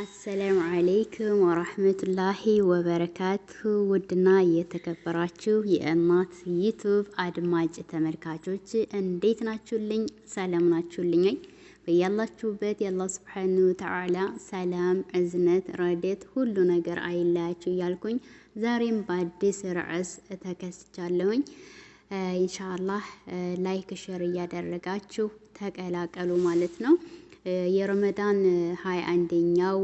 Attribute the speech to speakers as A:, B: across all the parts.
A: አሰላሙ አለይኩም ወራህመቱላሂ ወበረካቱ። ውድና የተከበራችሁ የእናት ዩቱብ አድማጭ ተመልካቾች እንዴት ናችሁልኝ? ሰላም ናችሁልኝ? በያላችሁበት የአላህ ስብሓን ተዓላ ሰላም፣ እዝነት፣ ረዴት ሁሉ ነገር አይለያችሁ እያልኩኝ ዛሬም በአዲስ ርዕስ ተከስቻለሁኝ። ኢንሻአላህ ላይክ ሸር እያደረጋችሁ ተቀላቀሉ ማለት ነው። የረመዳን ሀያ አንደኛው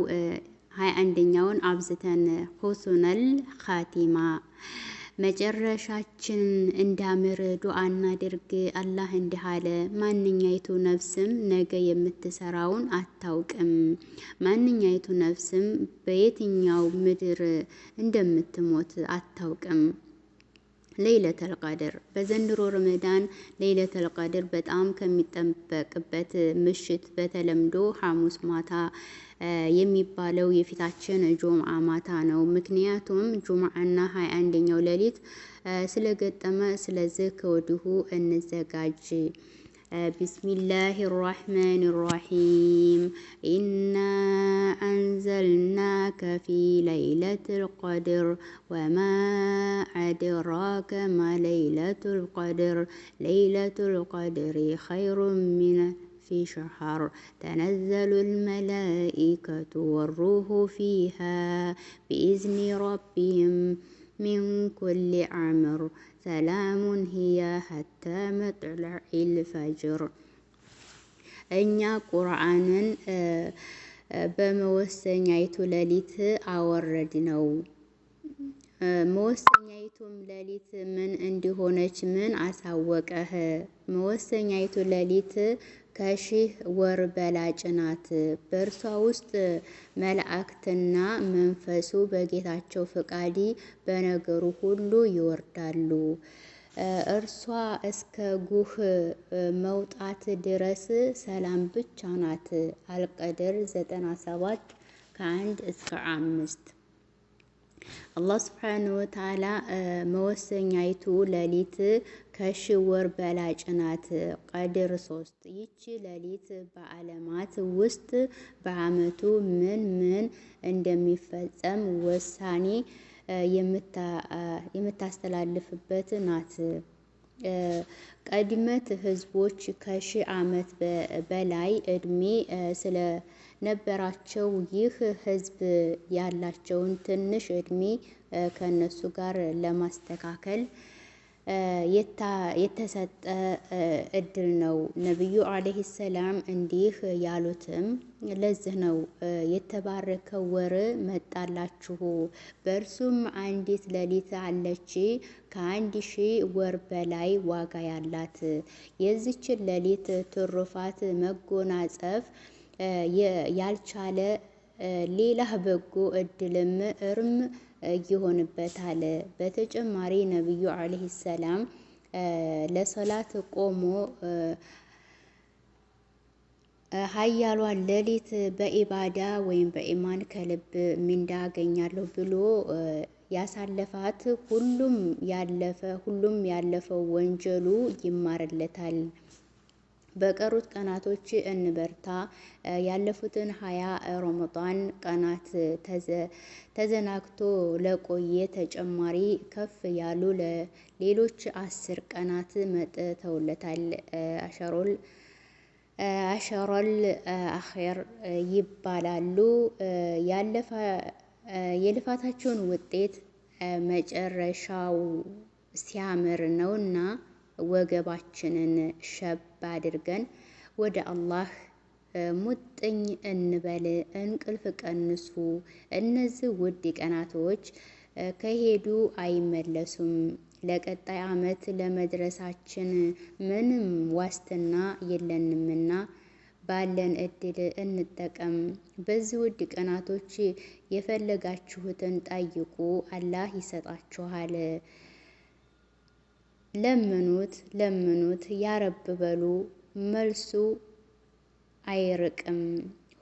A: ሀያ አንደኛውን አብዝተን ሆሱነል ኻቲማ መጨረሻችን እንዳምር ዱዓ እናድርግ። አላህ እንዲህ አለ፣ ማንኛይቱ ነፍስም ነገ የምትሰራውን አታውቅም። ማንኛይቱ ነፍስም በየትኛው ምድር እንደምትሞት አታውቅም። ለይለተል ቀድር በዘንድሮ ረመዳን ለይለተል ቀድር በጣም ከሚጠበቅበት ምሽት በተለምዶ ሐሙስ ማታ የሚባለው የፊታችን ጁምዓ ማታ ነው። ምክንያቱም ጁምዓና ሀያ አንደኛው ሌሊት ስለገጠመ፣ ስለዚህ ከወዲሁ እንዘጋጅ። ቢስሚላህ ራሕማን ራሒም ኢና አንዘልናከ ፊ ለይለትል ቀድር ወማ أدراك ما ليلة القدر ليلة القدر خير من في شهر تنزل الملائكة والروح فيها بإذن ربهم من كل أمر سلام هي حتى مطلع الفجر أن قرآن آه، آه، بما ሌሊት አወረድ ነው። መወሰኛይቱም ሌሊት ምን እንዲሆነች ምን አሳወቀህ? መወሰኛይቱ ሌሊት ከሺህ ወር በላጭ ናት። በእርሷ ውስጥ መላእክትና መንፈሱ በጌታቸው ፈቃድ በነገሩ ሁሉ ይወርዳሉ። እርሷ እስከ ጉህ መውጣት ድረስ ሰላም ብቻ ናት። አልቀድር 97 ከአንድ እስከ አምስት አላህ ስብሓን ወተዓላ መወሰኛይቱ ሌሊት ከሽወር በላጭ ናት። ቀድር ሶስት ይቺ ሌሊት በዓለማት ውስጥ በዓመቱ ምን ምን እንደሚፈጸም ውሳኔ የምታስተላልፍበት ናት። ቀድመት ህዝቦች ከሺህ ዓመት በላይ እድሜ ስለነበራቸው ይህ ህዝብ ያላቸውን ትንሽ እድሜ ከነሱ ጋር ለማስተካከል የተሰጠ እድል ነው። ነቢዩ ዓለይሂ ሰላም እንዲህ ያሉትም ለዚህ ነው። የተባረከ ወር መጣላችሁ፣ በእርሱም አንዲት ሌሊት አለች ከአንድ ሺህ ወር በላይ ዋጋ ያላት። የዚችን ሌሊት ትሩፋት መጎናጸፍ ያልቻለ ሌላ በጎ እድልም እርም ይሆንበታል። በተጨማሪ ነቢዩ አለይሂ ሰላም ለሰላት ቆሞ ሀያሏን ሌሊት በኢባዳ ወይም በኢማን ከልብ ሚንዳ አገኛለሁ ብሎ ያሳለፋት ሁሉም ያለፈ ሁሉም ያለፈው ወንጀሉ ይማርለታል። በቀሩት ቀናቶች እንበርታ። ያለፉትን ሀያ ረመጣን ቀናት ተዘናግቶ ለቆየ ተጨማሪ ከፍ ያሉ ሌሎች አስር ቀናት መጥተውለታል። አሸሮል አሸሮል አኼር ይባላሉ። የልፋታቸውን ውጤት መጨረሻው ሲያምር ነውና ወገባችንን ሸብ አድርገን ወደ አላህ ሙጥኝ እንበል። እንቅልፍ ቀንሱ። እነዚህ ውድ ቀናቶች ከሄዱ አይመለሱም። ለቀጣይ ዓመት ለመድረሳችን ምንም ዋስትና የለንምና ባለን እድል እንጠቀም። በዚህ ውድ ቀናቶች የፈለጋችሁትን ጠይቁ፣ አላህ ይሰጣችኋል። ለምኑት ለምኑት ያረብ በሉ መልሱ አይርቅም።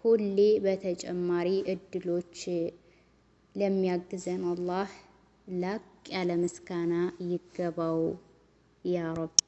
A: ሁሌ በተጨማሪ እድሎች ለሚያግዘን አላህ ላቅ ያለ ምስጋና ይገባው ያ ረብ።